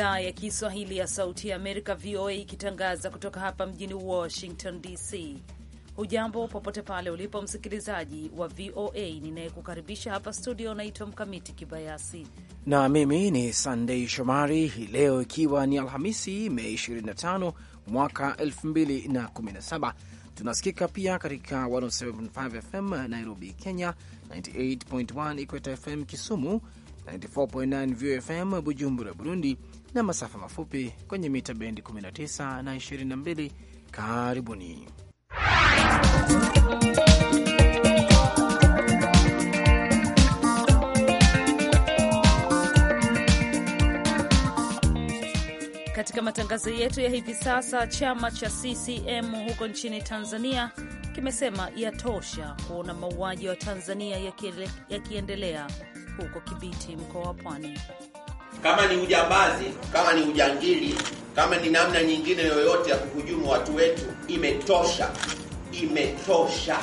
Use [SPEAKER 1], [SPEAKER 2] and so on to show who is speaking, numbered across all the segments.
[SPEAKER 1] idhaa ya Kiswahili ya Sauti ya Amerika, VOA, ikitangaza kutoka hapa mjini Washington DC. Hujambo popote pale ulipo msikilizaji wa VOA. Ninayekukaribisha hapa studio naitwa Mkamiti Kibayasi
[SPEAKER 2] na mimi ni Sandei Shomari. Hii leo ikiwa ni Alhamisi, Mei 25 mwaka 2017 tunasikika pia katika 107.5 FM Nairobi, Kenya, 98.1 Ikweta FM Kisumu, 94.9 VFM Bujumbura, Burundi, na masafa mafupi kwenye mita bendi 19 na 22. Karibuni.
[SPEAKER 1] Katika matangazo yetu ya hivi sasa, chama cha CCM huko nchini Tanzania kimesema yatosha kuona mauaji wa Tanzania yakiendelea huko Kibiti, mkoa wa Pwani
[SPEAKER 3] kama ni ujambazi, kama ni ujangili, kama ni namna nyingine yoyote ya kuhujumu watu wetu, imetosha, imetosha.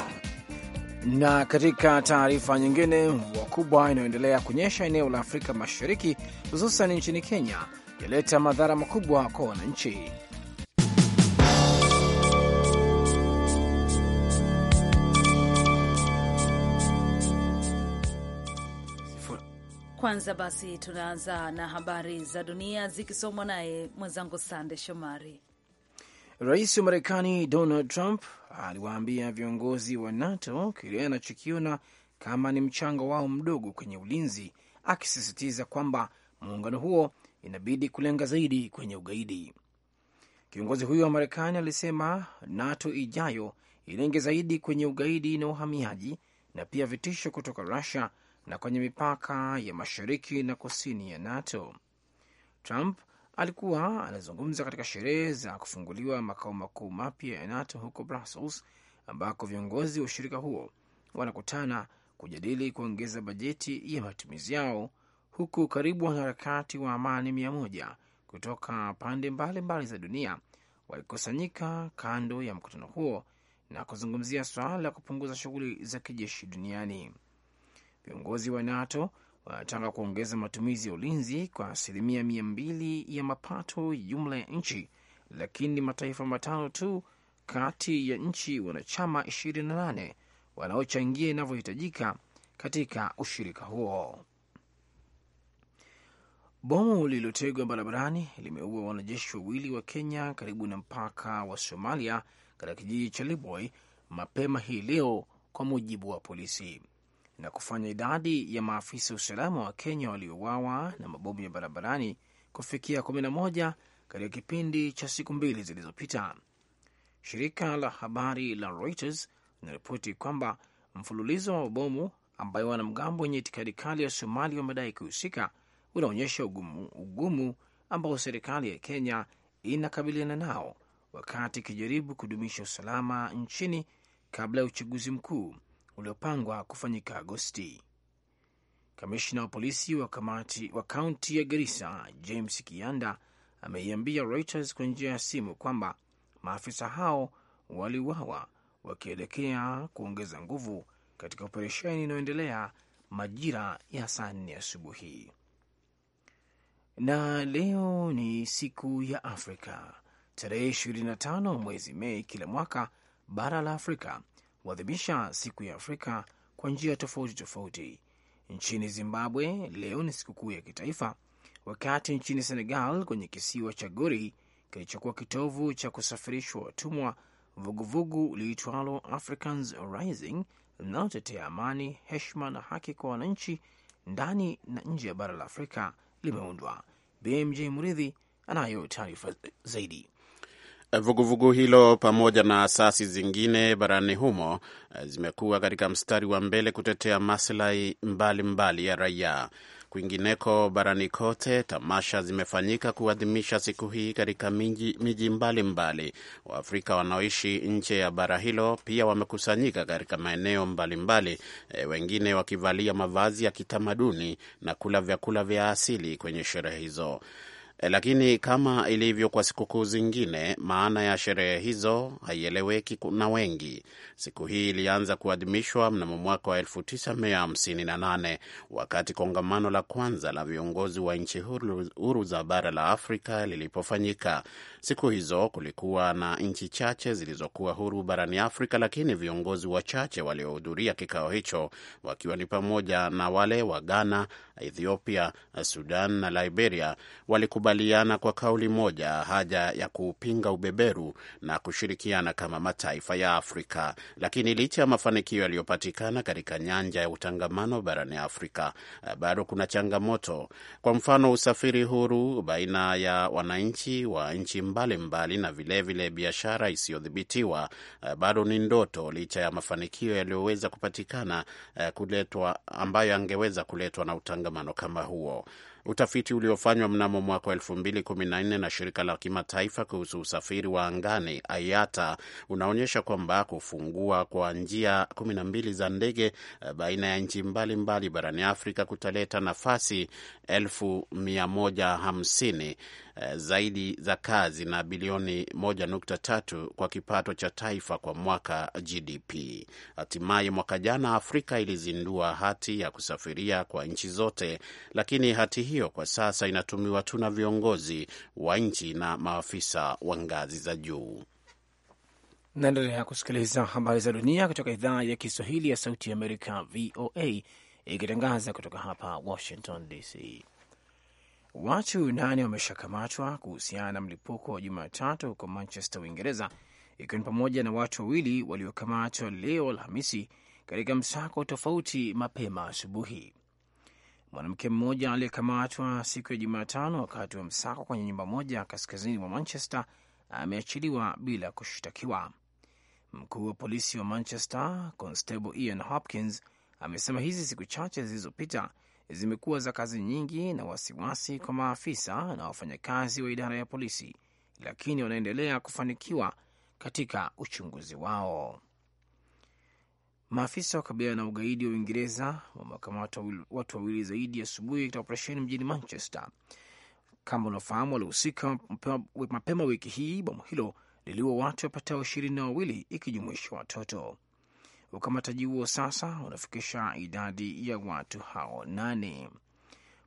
[SPEAKER 2] Na katika taarifa nyingine, mvua kubwa inayoendelea kunyesha eneo la Afrika Mashariki, hususan nchini Kenya, yaleta madhara makubwa kwa wananchi.
[SPEAKER 1] Kwanza basi tunaanza na habari za dunia zikisomwa naye mwenzangu Sande Shomari.
[SPEAKER 2] Rais wa Marekani Donald Trump aliwaambia viongozi wa NATO kile anachokiona kama ni mchango wao mdogo kwenye ulinzi, akisisitiza kwamba muungano huo inabidi kulenga zaidi kwenye ugaidi. Kiongozi huyo wa Marekani alisema NATO ijayo ilenge zaidi kwenye ugaidi na uhamiaji na pia vitisho kutoka Rusia na kwenye mipaka ya mashariki na kusini ya NATO. Trump alikuwa anazungumza katika sherehe za kufunguliwa makao makuu mapya ya NATO huko Brussels, ambako viongozi wa ushirika huo wanakutana kujadili kuongeza bajeti ya matumizi yao, huku karibu wanaharakati wa amani mia moja kutoka pande mbalimbali mbali za dunia walikusanyika kando ya mkutano huo na kuzungumzia suala la kupunguza shughuli za kijeshi duniani. Viongozi wa NATO wanataka kuongeza matumizi ya ulinzi kwa asilimia mia mbili ya mapato jumla ya nchi, lakini mataifa matano tu kati ya nchi wanachama 28 wanaochangia inavyohitajika katika ushirika huo. Bomu lililotegwa barabarani limeua wanajeshi wawili wa Kenya karibu na mpaka wa Somalia katika kijiji cha Liboy mapema hii leo, kwa mujibu wa polisi na kufanya idadi ya maafisa usalama wa Kenya waliouawa na mabomu ya barabarani kufikia 11 katika kipindi cha siku mbili zilizopita. Shirika la habari la Reuters linaripoti kwamba mfululizo wa mabomu ambayo wanamgambo wenye itikadi kali ya somali wamedai kuhusika unaonyesha ugumu, ugumu ambao serikali ya Kenya inakabiliana nao wakati ikijaribu kudumisha usalama nchini kabla ya uchaguzi mkuu uliopangwa kufanyika Agosti. Kamishna wa polisi wa kamati wa kaunti ya Garissa James Kianda ameiambia Reuters kwa njia ya simu kwamba maafisa hao waliuawa wakielekea kuongeza nguvu katika operesheni inayoendelea majira ya saa nne asubuhi. Na leo ni siku ya Afrika. Tarehe 25 mwezi Mei kila mwaka bara la Afrika kuadhimisha siku ya Afrika kwa njia tofauti tofauti. Nchini Zimbabwe leo ni sikukuu ya kitaifa, wakati nchini Senegal kwenye kisiwa cha Gori kilichokuwa kitovu cha kusafirishwa watumwa, vuguvugu liitwalo Africans Rising linalotetea amani, heshima na haki kwa wananchi ndani na nje ya bara la Afrika limeundwa. BMJ Mridhi anayo taarifa zaidi.
[SPEAKER 4] Vuguvugu vugu hilo pamoja na asasi zingine barani humo eh, zimekuwa katika mstari wa mbele kutetea maslahi mbalimbali ya raia. Kwingineko barani kote, tamasha zimefanyika kuadhimisha siku hii katika miji mbalimbali. Waafrika wanaoishi nje ya bara hilo pia wamekusanyika katika maeneo mbalimbali mbali, eh, e, wengine wakivalia mavazi ya kitamaduni na kula vyakula vya asili kwenye sherehe hizo. Eh, lakini kama ilivyo kwa sikukuu zingine, maana ya sherehe hizo haieleweki na wengi. Siku hii ilianza kuadhimishwa mnamo mwaka wa 1958 wakati kongamano la kwanza la viongozi wa nchi huru za bara la Afrika lilipofanyika. Siku hizo kulikuwa na nchi chache zilizokuwa huru barani Afrika, lakini viongozi wachache waliohudhuria kikao hicho wakiwa ni pamoja na wale wa Ghana, Ethiopia, Sudan na Liberia walikubaliana kwa kauli moja haja ya kupinga ubeberu na kushirikiana kama mataifa ya Afrika. Lakini licha ya mafanikio yaliyopatikana katika nyanja ya utangamano barani Afrika, eh, bado kuna changamoto. Kwa mfano, usafiri huru baina ya wananchi wa nchi mbalimbali na vilevile biashara isiyodhibitiwa eh, bado ni ndoto, licha ya mafanikio yaliyoweza kupatikana eh, kuletwa, ambayo angeweza kuletwa na utangamano kama huo. Utafiti uliofanywa mnamo mwaka 214 2014 na shirika la kimataifa kuhusu usafiri wa angani IATA unaonyesha kwamba kufungua kwa njia 12 za ndege eh, baina ya nchi mbalimbali barani Afrika kutaleta nafasi 150 eh, zaidi za kazi na bilioni 1.3 kwa kipato cha taifa kwa mwaka GDP. Hatimaye mwaka jana Afrika ilizindua hati ya kusafiria kwa nchi zote, lakini hati hii hiyo kwa sasa inatumiwa tu na viongozi wa nchi na maafisa wa ngazi za juu.
[SPEAKER 2] Naendelea kusikiliza habari za dunia kutoka idhaa ya Kiswahili ya Sauti ya Amerika, VOA, ikitangaza kutoka hapa Washington DC. Watu nane wameshakamatwa kuhusiana na mlipuko wa Jumatatu huko Manchester, Uingereza, ikiwa ni pamoja na watu wawili waliokamatwa leo Alhamisi katika msako tofauti mapema asubuhi. Mwanamke mmoja aliyekamatwa siku ya Jumatano wakati wa msako kwenye nyumba moja kaskazini mwa Manchester ameachiliwa bila kushtakiwa. Mkuu wa polisi wa Manchester Constable Ian Hopkins amesema hizi siku chache zilizopita zimekuwa za kazi nyingi na wasiwasi kwa maafisa na wafanyakazi wa idara ya polisi, lakini wanaendelea kufanikiwa katika uchunguzi wao. Maafisa wa wakabiliana na ugaidi wa Uingereza wamewakamata watu wawili zaidi asubuhi katika operesheni mjini Manchester. Kama unaofahamu, walihusika mapema wiki hii. Bomu hilo liliua watu wapatao ishirini na wawili ikijumuisha watoto. Ukamataji huo sasa unafikisha idadi ya watu hao nane.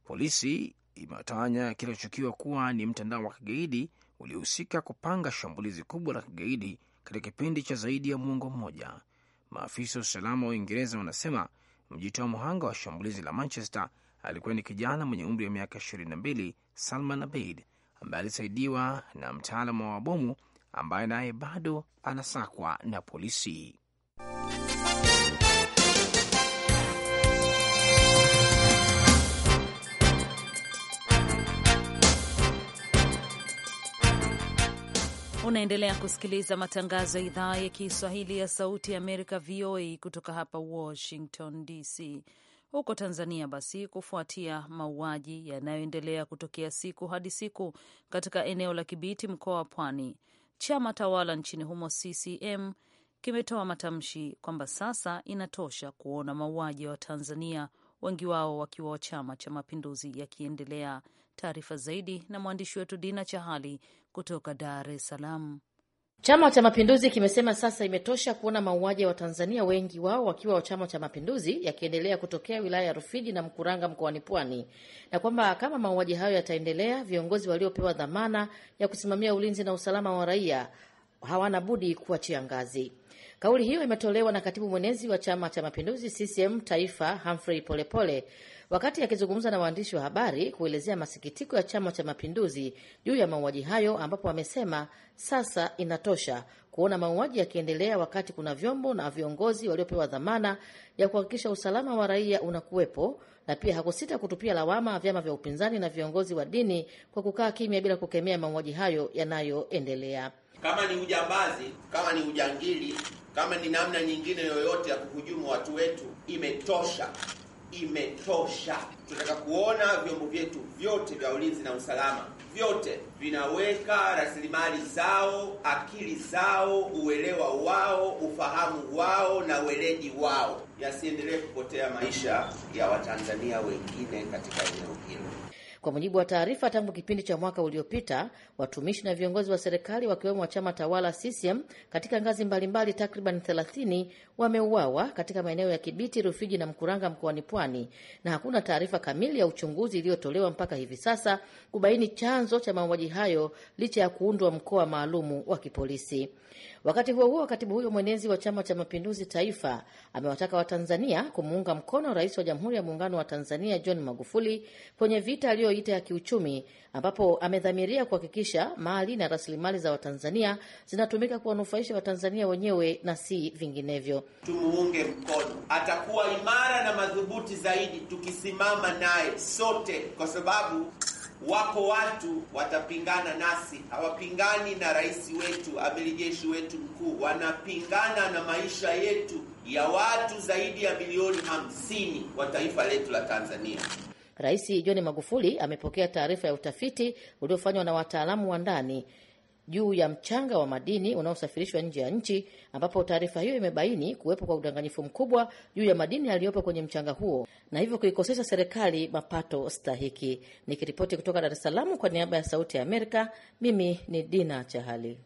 [SPEAKER 2] Polisi imetawanya kinachokiwa kuwa ni mtandao wa kigaidi uliohusika kupanga shambulizi kubwa la kigaidi katika kipindi cha zaidi ya mwongo mmoja Maafisa wa usalama wa Uingereza wanasema mjitoa mhanga wa shambulizi la Manchester alikuwa ni kijana mwenye umri wa miaka 22, Salman Abeid, ambaye alisaidiwa na mtaalamu wa wabomu ambaye naye bado anasakwa na polisi.
[SPEAKER 1] Unaendelea kusikiliza matangazo ya idhaa ya Kiswahili ya Sauti ya Amerika, VOA, kutoka hapa Washington DC. Huko Tanzania basi, kufuatia mauaji yanayoendelea kutokea siku hadi siku katika eneo la Kibiti, mkoa wa Pwani, chama tawala nchini humo CCM kimetoa matamshi kwamba sasa inatosha kuona mauaji ya Watanzania, wengi wao wakiwa wa Chama cha Mapinduzi, yakiendelea. Taarifa zaidi
[SPEAKER 5] na mwandishi wetu Dina Chahali kutoka Dar es Salaam. Chama cha Mapinduzi kimesema sasa imetosha kuona mauaji ya Watanzania, wengi wao wakiwa wa Chama cha Mapinduzi, yakiendelea kutokea wilaya ya Rufiji na Mkuranga mkoani Pwani, na kwamba kama mauaji hayo yataendelea, viongozi waliopewa dhamana ya kusimamia ulinzi na usalama wa raia hawana budi kuachia ngazi. Kauli hiyo imetolewa na katibu mwenezi wa Chama cha Mapinduzi CCM Taifa, Humphrey Polepole, Wakati akizungumza na waandishi wa habari kuelezea masikitiko ya Chama cha Mapinduzi juu ya mauaji hayo, ambapo amesema sasa inatosha kuona mauaji yakiendelea wakati kuna vyombo na viongozi waliopewa dhamana ya kuhakikisha usalama wa raia unakuwepo, na pia hakusita kutupia lawama vyama vya upinzani na viongozi wa dini kwa kukaa kimya bila kukemea mauaji hayo yanayoendelea.
[SPEAKER 3] Kama ni ujambazi, kama ni ujangili, kama ni namna nyingine yoyote ya kuhujumu watu wetu, imetosha imetosha. Tunataka kuona vyombo vyetu vyote vya ulinzi na usalama vyote vinaweka rasilimali zao, akili zao, uelewa wao, ufahamu wao na weledi wao, yasiendelee kupotea maisha ya Watanzania wengine katika eneo hilo.
[SPEAKER 5] Kwa mujibu wa taarifa, tangu kipindi cha mwaka uliopita, watumishi na viongozi wa serikali wakiwemo wa chama tawala CCM katika ngazi mbalimbali takriban wameuawa katika maeneo ya Kibiti, Rufiji na Mkuranga mkoani Pwani, na hakuna taarifa kamili ya uchunguzi iliyotolewa mpaka hivi sasa kubaini chanzo cha mauaji hayo, licha ya kuundwa mkoa maalumu wa kipolisi. Wakati huo huo, katibu huyo mwenezi wa Chama cha Mapinduzi Taifa amewataka Watanzania kumuunga mkono Rais wa Jamhuri ya Muungano wa Tanzania John Magufuli kwenye vita aliyoita ya kiuchumi, ambapo amedhamiria kuhakikisha mali na rasilimali za Watanzania zinatumika kuwanufaisha Watanzania wenyewe na si vinginevyo
[SPEAKER 3] tumuunge mkono, atakuwa imara na madhubuti zaidi tukisimama naye sote, kwa sababu wako watu watapingana nasi. Hawapingani na rais wetu, amiri jeshi wetu mkuu, wanapingana na maisha yetu ya watu zaidi ya milioni hamsini wa taifa letu la Tanzania.
[SPEAKER 5] Rais John Magufuli amepokea taarifa ya utafiti uliofanywa na wataalamu wa ndani juu ya mchanga wa madini unaosafirishwa nje ya nchi, ambapo taarifa hiyo imebaini kuwepo kwa udanganyifu mkubwa juu ya madini yaliyopo kwenye mchanga huo na hivyo kuikosesha serikali mapato stahiki. Nikiripoti kutoka Dar es Salaam kwa niaba ya Sauti ya Amerika, mimi ni Dina Chahali.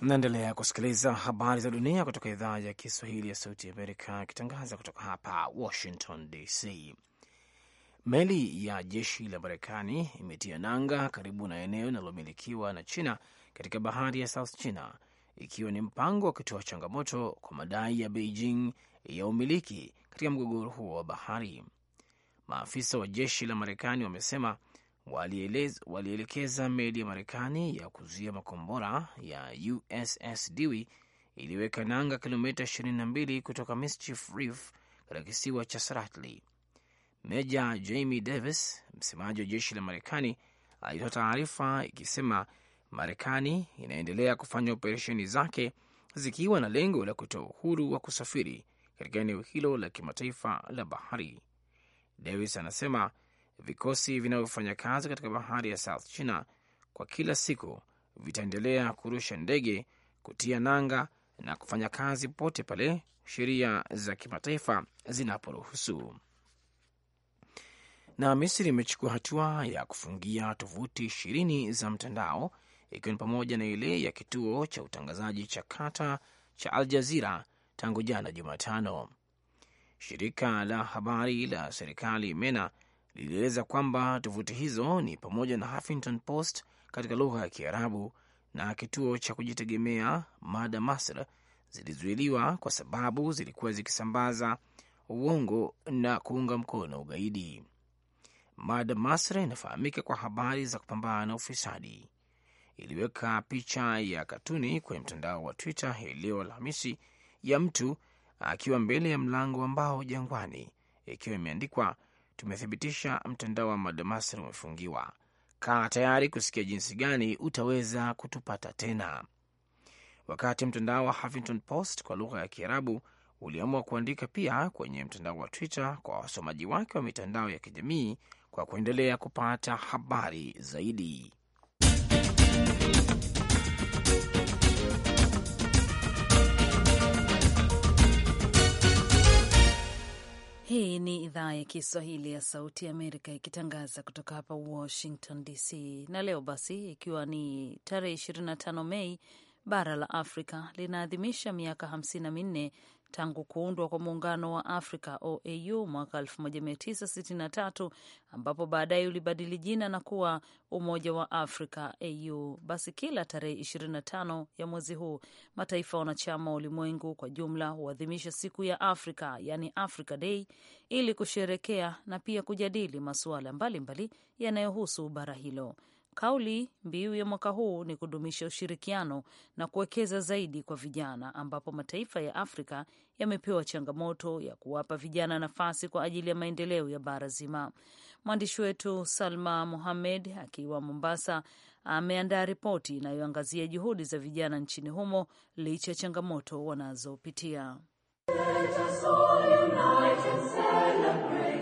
[SPEAKER 2] Mnaendelea kusikiliza habari za dunia kutoka idhaa ya Kiswahili ya Sauti ya Amerika, ikitangaza kutoka hapa Washington DC. Meli ya jeshi la Marekani imetia nanga karibu na eneo linalomilikiwa na China katika bahari ya South China, ikiwa ni mpango wa kutoa changamoto kwa madai ya Beijing ya umiliki katika mgogoro huo wa bahari. Maafisa wa jeshi la Marekani wamesema walielekeza meli ya Marekani ya kuzuia makombora ya USS Dewey iliweka nanga kilomita 22 kutoka Mischief Reef katika kisiwa cha Spratly Meja Jamie Davis, msemaji wa jeshi la Marekani, alitoa taarifa ikisema Marekani inaendelea kufanya operesheni zake zikiwa na lengo la kutoa uhuru wa kusafiri katika eneo hilo la kimataifa la bahari. Davis anasema vikosi vinavyofanya kazi katika bahari ya South China kwa kila siku vitaendelea kurusha ndege, kutia nanga na kufanya kazi popote pale sheria za kimataifa zinaporuhusu. Na Misri imechukua hatua ya kufungia tovuti ishirini za mtandao ikiwa ni pamoja na ile ya kituo cha utangazaji cha kata cha Al Jazira tangu jana Jumatano. Shirika la habari la serikali MENA lilieleza kwamba tovuti hizo ni pamoja na Huffington Post katika lugha ya Kiarabu na kituo cha kujitegemea Mada Masr zilizuiliwa kwa sababu zilikuwa zikisambaza uongo na kuunga mkono ugaidi. Mada Masre inafahamika kwa habari za kupambana na ufisadi. Iliweka picha ya katuni kwenye mtandao wa Twitter hii leo Alhamisi ya mtu akiwa mbele ya mlango wa mbao jangwani, ikiwa imeandikwa tumethibitisha mtandao wa Madamasri umefungiwa, kaa tayari kusikia jinsi gani utaweza kutupata tena. Wakati mtandao wa Huffington Post kwa lugha ya Kiarabu uliamua kuandika pia kwenye mtandao wa Twitter kwa wasomaji wake wa mitandao ya kijamii kwa kuendelea kupata habari zaidi.
[SPEAKER 1] Hii ni idhaa ya Kiswahili ya Sauti ya Amerika ikitangaza kutoka hapa Washington DC. Na leo basi, ikiwa ni tarehe 25 Mei, bara la Afrika linaadhimisha miaka 54 tangu kuundwa kwa Muungano wa Afrika OAU mwaka 1963 ambapo baadaye ulibadili jina na kuwa Umoja wa Afrika AU. Basi kila tarehe 25 ya mwezi huu mataifa wanachama wa ulimwengu kwa jumla huadhimisha siku ya Afrika, yani Africa Day, ili kusherekea na pia kujadili masuala mbalimbali yanayohusu bara hilo. Kauli mbiu ya mwaka huu ni kudumisha ushirikiano na kuwekeza zaidi kwa vijana, ambapo mataifa ya Afrika yamepewa changamoto ya kuwapa vijana nafasi kwa ajili ya maendeleo ya bara zima. Mwandishi wetu Salma Mohamed akiwa Mombasa ameandaa ripoti inayoangazia juhudi za vijana nchini humo licha ya changamoto wanazopitia.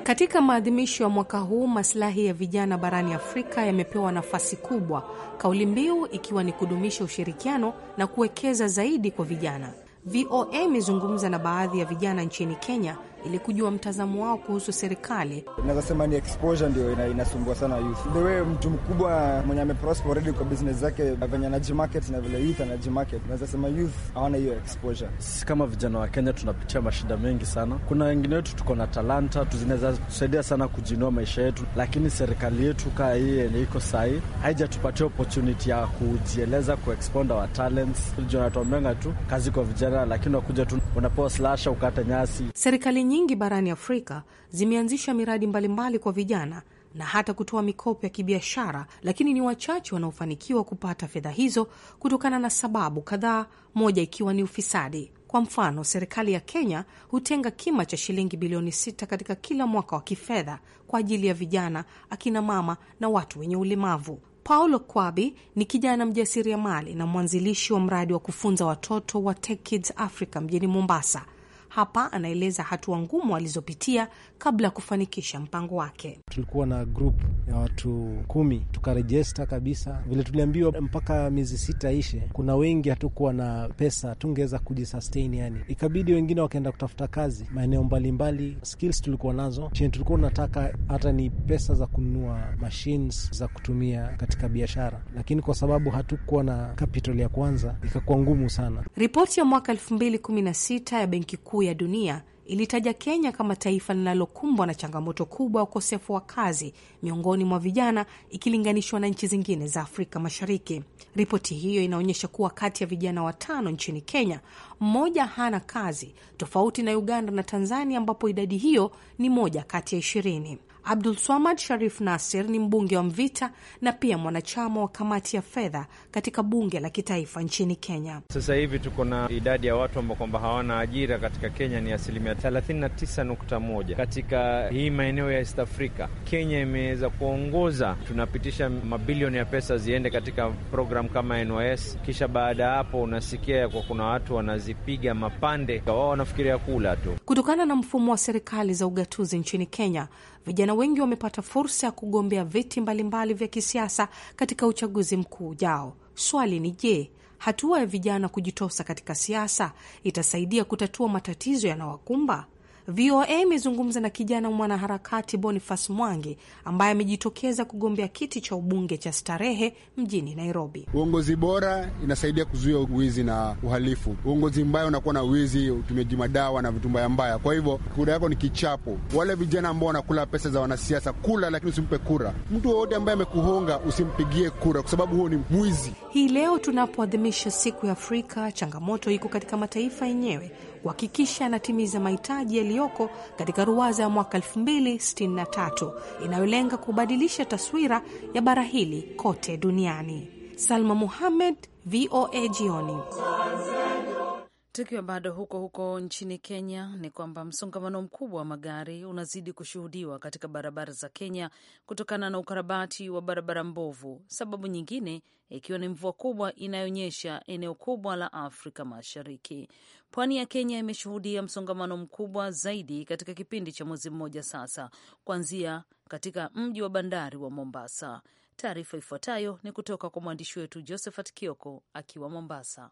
[SPEAKER 6] Katika maadhimisho ya mwaka huu, masilahi ya vijana barani Afrika yamepewa nafasi kubwa, kauli mbiu ikiwa ni kudumisha ushirikiano na kuwekeza zaidi kwa vijana. VOA imezungumza na baadhi ya vijana nchini Kenya ili kujua mtazamo wao kuhusu serikali.
[SPEAKER 2] Naweza sema ni exposure ndio ina, inasumbua sana youth. The way mtu mkubwa mwenye ameprosper already kwa business zake
[SPEAKER 7] venye anaji market na vile youth anaji market, naweza sema youth hawana hiyo exposure. Sisi kama vijana wa Kenya tunapitia mashida mengi sana. Kuna wengine wetu tuko na talanta zinaweza tusaidia sana kujinua maisha yetu, lakini serikali yetu kaa hii yenye iko sahii haijatupatia opportunity ya kujieleza, kuexpand our talents. Jonathan Menga tu kazi kwa vijana, lakini wakuja tu unapewa slasha ukate nyasi
[SPEAKER 6] serikali nyingi barani Afrika zimeanzisha miradi mbalimbali kwa vijana na hata kutoa mikopo ya kibiashara, lakini ni wachache wanaofanikiwa kupata fedha hizo kutokana na sababu kadhaa, moja ikiwa ni ufisadi. Kwa mfano, serikali ya Kenya hutenga kima cha shilingi bilioni sita katika kila mwaka wa kifedha kwa ajili ya vijana, akina mama na watu wenye ulemavu. Paulo Kwabi ni kijana mjasiriamali na mwanzilishi wa mradi wa kufunza watoto wa Tech Kids Africa mjini Mombasa. Hapa anaeleza hatua ngumu alizopitia kabla ya kufanikisha mpango wake.
[SPEAKER 8] Tulikuwa na grup ya watu kumi, tukarejesta kabisa vile tuliambiwa, mpaka miezi sita ishe. Kuna wengi hatukuwa na pesa, tungeweza kujisustain, yani ikabidi wengine wakaenda kutafuta kazi maeneo mbalimbali. Skills tulikuwa nazo chini, tulikuwa tunataka hata ni pesa za kununua machines za kutumia katika biashara, lakini kwa sababu hatukuwa na capital ya kwanza, ikakuwa ngumu sana.
[SPEAKER 6] Ripoti ya mwaka elfu mbili kumi na sita ya benki kuu ya Dunia ilitaja Kenya kama taifa linalokumbwa na changamoto kubwa ya ukosefu wa kazi miongoni mwa vijana ikilinganishwa na nchi zingine za Afrika Mashariki. Ripoti hiyo inaonyesha kuwa kati ya vijana watano nchini Kenya, mmoja hana kazi, tofauti na Uganda na Tanzania ambapo idadi hiyo ni moja kati ya ishirini. Abdul Swamad Sharif Nasir ni mbunge wa Mvita na pia mwanachama wa kamati ya fedha katika bunge la kitaifa nchini Kenya.
[SPEAKER 2] Sasa hivi tuko na idadi ya watu ambao kwamba hawana ajira katika Kenya ni asilimia 39.1. Katika hii maeneo ya East Africa, Kenya imeweza kuongoza. Tunapitisha mabilioni ya pesa ziende katika programu kama NYS, kisha baada ya hapo unasikia kwa kuna watu wanazipiga mapande, wao wanafikiria kula tu.
[SPEAKER 6] Kutokana na mfumo wa serikali za ugatuzi nchini Kenya, vijana wengi wamepata fursa ya kugombea viti mbalimbali vya kisiasa katika uchaguzi mkuu ujao. Swali ni je, hatua ya vijana kujitosa katika siasa itasaidia kutatua matatizo yanawakumba? VOA imezungumza na kijana mwanaharakati Boniface Mwangi ambaye amejitokeza kugombea kiti cha ubunge cha Starehe mjini Nairobi.
[SPEAKER 8] Uongozi bora inasaidia kuzuia wizi na uhalifu. Uongozi mbaya unakuwa na wizi, utumiaji madawa na vitu mbaya mbaya. Kwa hivyo kura yako ni kichapo. Wale vijana ambao wanakula pesa za wanasiasa, kula lakini usimpe kura. Mtu wowote ambaye amekuhonga usimpigie kura, kwa sababu huo ni mwizi.
[SPEAKER 6] Hii leo tunapoadhimisha siku ya Afrika, changamoto iko katika mataifa yenyewe kuhakikisha anatimiza mahitaji yaliyoko katika ruwaza ya mwaka 2063 inayolenga kubadilisha taswira ya bara hili kote duniani. Salma Muhamed, VOA Jioni.
[SPEAKER 1] Tukiwa bado huko huko nchini Kenya, ni kwamba msongamano mkubwa wa magari unazidi kushuhudiwa katika barabara za Kenya kutokana na ukarabati wa barabara mbovu, sababu nyingine ikiwa ni mvua kubwa inayonyesha eneo kubwa la Afrika Mashariki. Pwani ya Kenya imeshuhudia msongamano mkubwa zaidi katika kipindi cha mwezi mmoja sasa, kuanzia katika mji wa bandari wa Mombasa. Taarifa ifuatayo ni kutoka kwa mwandishi wetu Josephat Kioko akiwa Mombasa.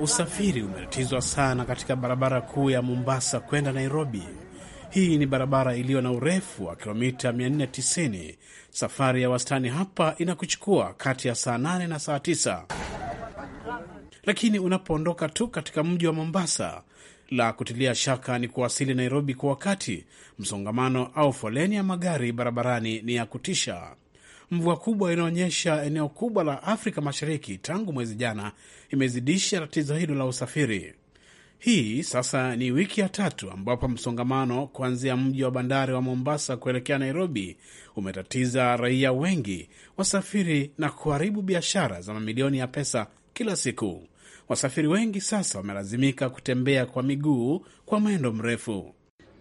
[SPEAKER 8] Usafiri umetatizwa sana katika barabara kuu ya Mombasa kwenda Nairobi hii ni barabara iliyo na urefu wa kilomita 490. Safari ya wastani hapa inakuchukua kati ya saa 8 na saa 9, lakini unapoondoka tu katika mji wa Mombasa, la kutilia shaka ni kuwasili Nairobi kwa wakati. Msongamano au foleni ya magari barabarani ni ya kutisha. Mvua kubwa inaonyesha eneo kubwa la Afrika Mashariki tangu mwezi jana imezidisha tatizo hilo la usafiri. Hii sasa ni wiki ya tatu ambapo msongamano kuanzia mji wa bandari wa Mombasa kuelekea Nairobi umetatiza raia wengi, wasafiri na kuharibu biashara za mamilioni ya pesa kila siku. Wasafiri wengi sasa wamelazimika kutembea kwa miguu kwa mwendo mrefu.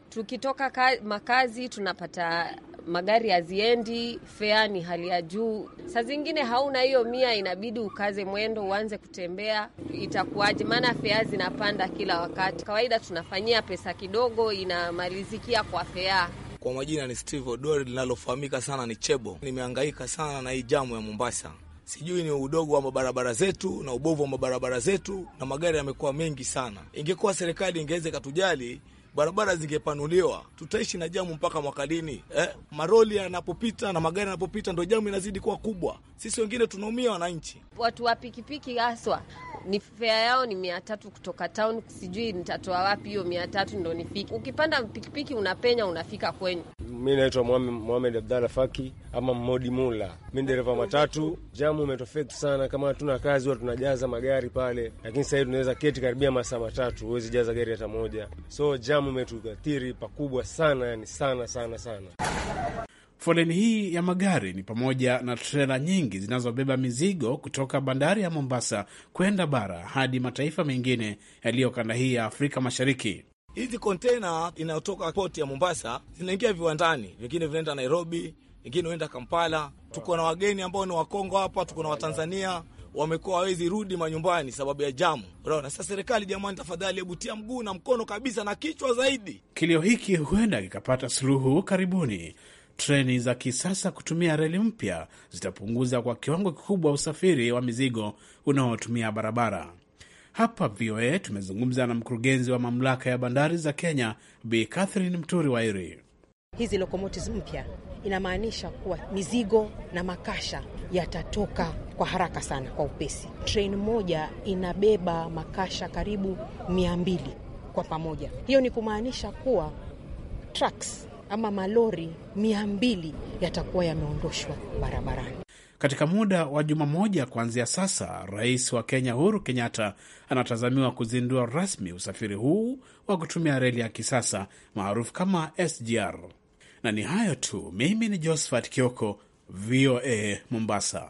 [SPEAKER 9] Tukitoka makazi tunapata magari haziendi, fea ni hali ya juu. Saa zingine hauna hiyo mia, inabidi ukaze mwendo, uanze kutembea. Itakuwaje? Maana fea zinapanda kila wakati. Kawaida tunafanyia pesa kidogo, inamalizikia kwa fea.
[SPEAKER 7] Kwa majina ni Steve Odori, linalofahamika sana ni Chebo. Nimehangaika sana na hii jamu ya Mombasa, sijui ni udogo wa mabarabara zetu na ubovu wa mabarabara zetu, na magari yamekuwa mengi sana. Ingekuwa serikali ingeweza ikatujali barabara zingepanuliwa, tutaishi na jamu mpaka mwaka lini eh? Maroli yanapopita na magari yanapopita, ndo jamu inazidi kuwa kubwa. Sisi wengine tunaumia, wananchi,
[SPEAKER 9] watu wa pikipiki haswa ni fea yao ni mia tatu kutoka town, sijui nitatoa wapi hiyo mia tatu ndo nifike. Ukipanda pikipiki unapenya unafika kwenyu.
[SPEAKER 8] Mi naitwa Mohamed
[SPEAKER 2] Abdalla Faki ama Modi Mula, mi dereva matatu. Jamu umetofekt sana, kama hatuna kazi huwa tunajaza magari pale, lakini sahii tunaweza keti karibia masaa matatu, huwezi jaza gari hata moja. So jamu umetukathiri pakubwa sana, yani sana sana sana.
[SPEAKER 8] Foleni hii ya magari ni pamoja na trela nyingi zinazobeba mizigo kutoka bandari ya Mombasa kwenda bara hadi mataifa mengine yaliyo kanda hii ya Afrika Mashariki.
[SPEAKER 7] Hizi kontena inayotoka poti ya Mombasa zinaingia viwandani, vingine vinaenda Nairobi, vingine huenda Kampala. Tuko na wageni ambao ni Wakongo hapa, tuko na Watanzania wamekuwa wawezi rudi manyumbani sababu ya jamu. Unaona, sasa serikali, jamani, tafadhali, hebu tia mguu na mkono kabisa na kichwa zaidi. Kilio hiki huenda kikapata suluhu karibuni. Treni
[SPEAKER 8] za kisasa kutumia reli mpya zitapunguza kwa kiwango kikubwa usafiri wa mizigo unaotumia barabara. Hapa VOA tumezungumza na mkurugenzi wa mamlaka ya bandari za Kenya, Bi Catherine Mturi Wairi.
[SPEAKER 6] Hizi locomotives mpya inamaanisha kuwa mizigo na makasha yatatoka kwa haraka sana, kwa upesi. Treni moja inabeba makasha karibu mia mbili kwa pamoja. Hiyo ni kumaanisha kuwa trucks ama malori mia mbili yatakuwa yameondoshwa barabarani.
[SPEAKER 8] Katika muda wa juma moja kuanzia sasa, rais wa Kenya Uhuru Kenyatta anatazamiwa kuzindua rasmi usafiri huu wa kutumia reli ya kisasa maarufu kama SGR. Na ni hayo tu. Mimi ni Josephat Kioko, VOA Mombasa.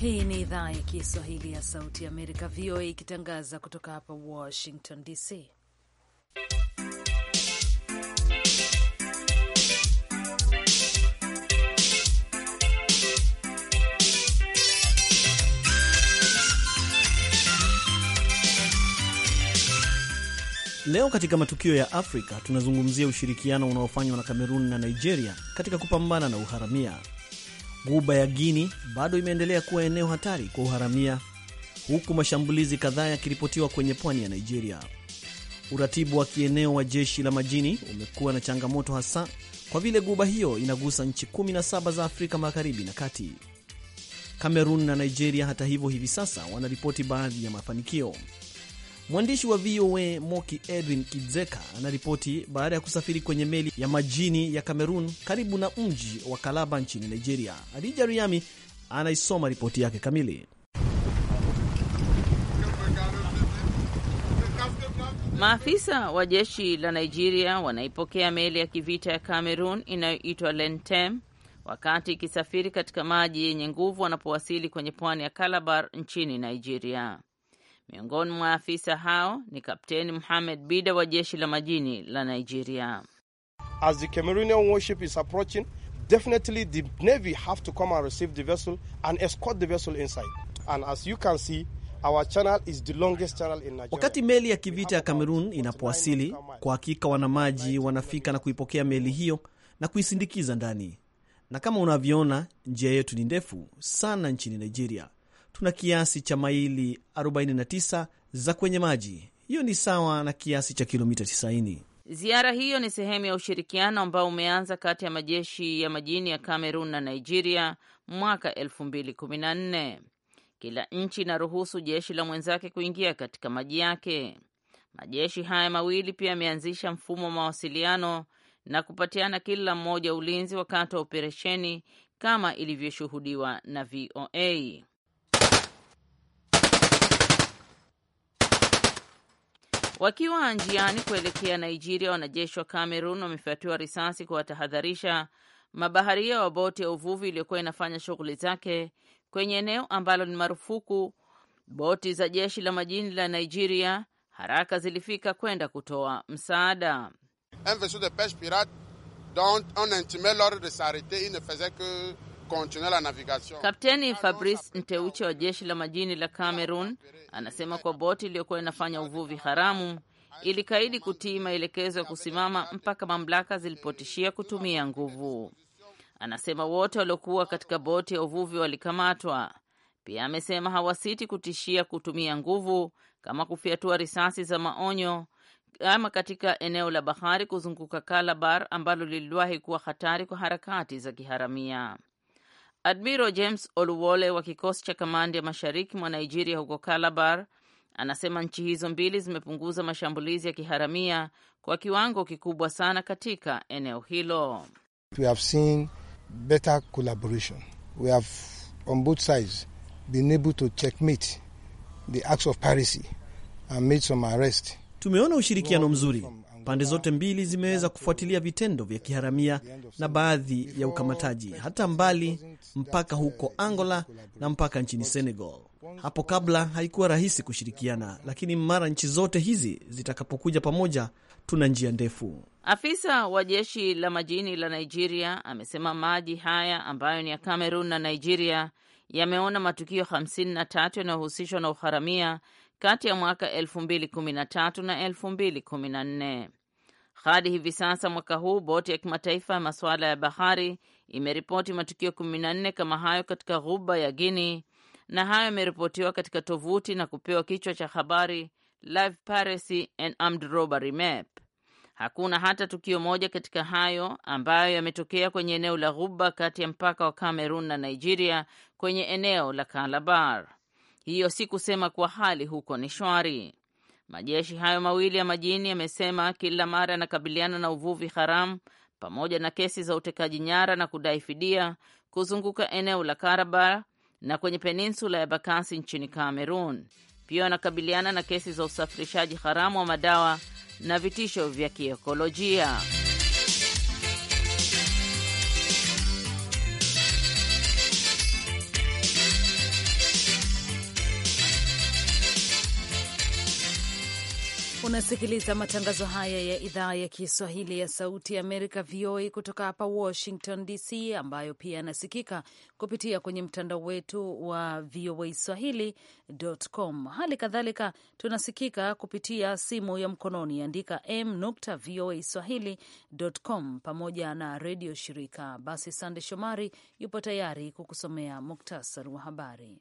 [SPEAKER 1] Hii ni idhaa ya Kiswahili ya Sauti ya Amerika, VOA, ikitangaza kutoka hapa Washington DC.
[SPEAKER 7] Leo katika matukio ya Afrika tunazungumzia ushirikiano unaofanywa na Kamerun na Nigeria katika kupambana na uharamia guba ya Guini bado imeendelea kuwa eneo hatari kwa uharamia, huku mashambulizi kadhaa yakiripotiwa kwenye pwani ya Nigeria. Uratibu wa kieneo wa jeshi la majini umekuwa na changamoto, hasa kwa vile guba hiyo inagusa nchi 17 za Afrika magharibi na kati. Kamerun na Nigeria, hata hivyo, hivi sasa wanaripoti baadhi ya mafanikio. Mwandishi wa VOA Moki Edwin Kidzeka anaripoti baada ya kusafiri kwenye meli ya majini ya cameron karibu na mji wa Kalaba nchini Nigeria. Adija Riami anaisoma ripoti yake kamili.
[SPEAKER 9] Maafisa wa jeshi la Nigeria wanaipokea meli ya kivita ya Cameroon inayoitwa Lentem wakati ikisafiri katika maji yenye nguvu wanapowasili kwenye pwani ya kalabar nchini Nigeria. Miongoni mwa afisa hao ni Kapteni muhamed Bida wa jeshi la majini la Nigeria.
[SPEAKER 8] As the Cameroonian warship is approaching, definitely the navy have to come and receive the vessel and escort the vessel inside. And as you can see, our channel is the longest channel in Nigeria. Wakati
[SPEAKER 7] meli ya kivita ya Cameroon inapowasili, kwa hakika wanamaji wanafika na kuipokea meli hiyo na kuisindikiza ndani. Na kama unavyoona, njia yetu ni ndefu sana nchini Nigeria tuna kiasi cha maili 49 za kwenye maji. Hiyo ni sawa na kiasi cha kilomita 90.
[SPEAKER 9] Ziara hiyo ni sehemu ya ushirikiano ambao umeanza kati ya majeshi ya majini ya Kamerun na Nigeria mwaka 2014. Kila nchi inaruhusu jeshi la mwenzake kuingia katika maji yake. Majeshi haya mawili pia yameanzisha mfumo wa mawasiliano na kupatiana kila mmoja ulinzi wakati wa operesheni kama ilivyoshuhudiwa na VOA. Wakiwa njiani kuelekea Nigeria, wanajeshi wa Cameroon wamefyatiwa risasi kuwatahadharisha mabaharia wa boti ya uvuvi iliyokuwa inafanya shughuli zake kwenye eneo ambalo ni marufuku boti za jeshi la majini la Nigeria. Haraka zilifika kwenda kutoa msaada. Kapteni Fabrice Nteuche wa jeshi la majini la Cameroon anasema kuwa boti iliyokuwa inafanya uvuvi haramu ilikaidi kutii maelekezo ya kusimama mpaka mamlaka zilipotishia kutumia nguvu. Anasema wote waliokuwa katika boti ya uvuvi walikamatwa. Pia amesema hawasiti kutishia kutumia nguvu kama kufyatua risasi za maonyo kama katika eneo la bahari kuzunguka Kalabar ambalo liliwahi kuwa hatari kwa harakati za kiharamia. Admiral James Oluwole wa kikosi cha kamandi ya mashariki mwa Nigeria huko Calabar anasema nchi hizo mbili zimepunguza mashambulizi ya kiharamia kwa kiwango kikubwa sana katika eneo hilo.
[SPEAKER 8] We have seen better collaboration. We have on both sides been able to checkmate the acts of piracy
[SPEAKER 7] and made some arrest. Tumeona ushirikiano mzuri Pande zote mbili zimeweza kufuatilia vitendo vya kiharamia na baadhi ya ukamataji hata mbali mpaka huko Angola na mpaka nchini Senegal. Hapo kabla haikuwa rahisi kushirikiana, lakini mara nchi zote hizi zitakapokuja pamoja, tuna njia ndefu.
[SPEAKER 9] Afisa wa jeshi la majini la Nigeria amesema maji haya ambayo ni ya Cameroon na Nigeria yameona matukio 53 yanayohusishwa na uharamia kati ya mwaka 2013 na 2014 hadi hivi sasa. Mwaka huu boti ya kimataifa ya masuala ya bahari imeripoti matukio 14 kama hayo katika ghuba ya Guinea, na hayo yameripotiwa katika tovuti na kupewa kichwa cha habari Live Piracy and Armed Robbery Map. Hakuna hata tukio moja katika hayo ambayo yametokea kwenye eneo la ghuba kati ya mpaka wa Cameroon na Nigeria kwenye eneo la Calabar. Hiyo si kusema kuwa hali huko ni shwari. Majeshi hayo mawili ya majini yamesema kila mara yanakabiliana na uvuvi haramu pamoja na kesi za utekaji nyara na kudai fidia kuzunguka eneo la Karabar na kwenye peninsula ya bakasi nchini cameron Pia wanakabiliana na kesi za usafirishaji haramu wa madawa na vitisho vya kiekolojia.
[SPEAKER 1] Unasikiliza matangazo haya ya idhaa ya Kiswahili ya Sauti ya Amerika, VOA, kutoka hapa Washington DC, ambayo pia yanasikika kupitia kwenye mtandao wetu wa VOA Swahili.com. Hali kadhalika tunasikika kupitia simu ya mkononi, andika m.voa swahili.com, pamoja na redio shirika. Basi Sande Shomari yupo tayari kukusomea muktasari wa habari.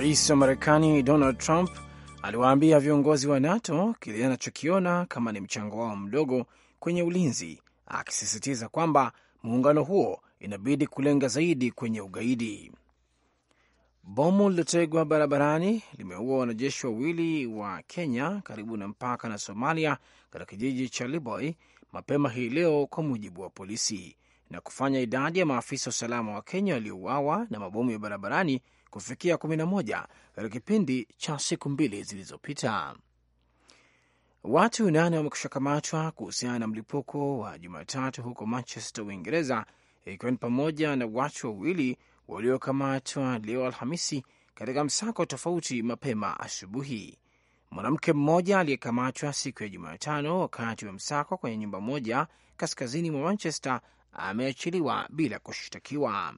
[SPEAKER 2] Rais wa Marekani Donald Trump aliwaambia viongozi wa NATO kile anachokiona kama ni mchango wao mdogo kwenye ulinzi, akisisitiza kwamba muungano huo inabidi kulenga zaidi kwenye ugaidi. Bomu lilotegwa barabarani limeua wanajeshi wawili wa Kenya karibu na mpaka na Somalia katika kijiji cha Liboy mapema hii leo, kwa mujibu wa polisi, na kufanya idadi ya maafisa wa usalama wa Kenya waliouawa na mabomu ya barabarani kufikia 11 katika kipindi cha siku mbili zilizopita. Watu nane wamekusha kamatwa kuhusiana na mlipuko wa Jumatatu huko Manchester, Uingereza, ikiwa ni pamoja na watu wawili waliokamatwa leo Alhamisi katika msako tofauti mapema asubuhi. Mwanamke mmoja aliyekamatwa siku ya Jumatano wakati wa msako kwenye nyumba moja kaskazini mwa Manchester ameachiliwa bila kushtakiwa.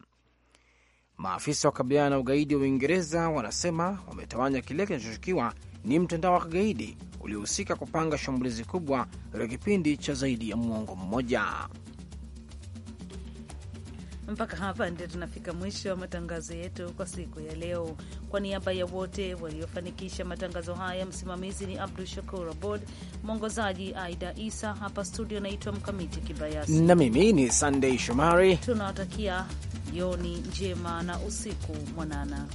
[SPEAKER 2] Maafisa wa kabiliana na ugaidi wa Uingereza wanasema wametawanya kile kinachoshukiwa ni mtandao wa kigaidi uliohusika kupanga shambulizi kubwa katika kipindi cha zaidi ya mwongo mmoja.
[SPEAKER 1] Mpaka hapa ndio tunafika mwisho wa matangazo yetu kwa siku ya leo. Kwa niaba ya wote waliofanikisha matangazo haya, msimamizi ni Abdu Shakur Abod, mwongozaji Aida Isa, hapa studio naitwa Mkamiti Kibayasi na mimi
[SPEAKER 2] ni Sandei Shomari.
[SPEAKER 1] Tunawatakia jioni njema na usiku mwanana.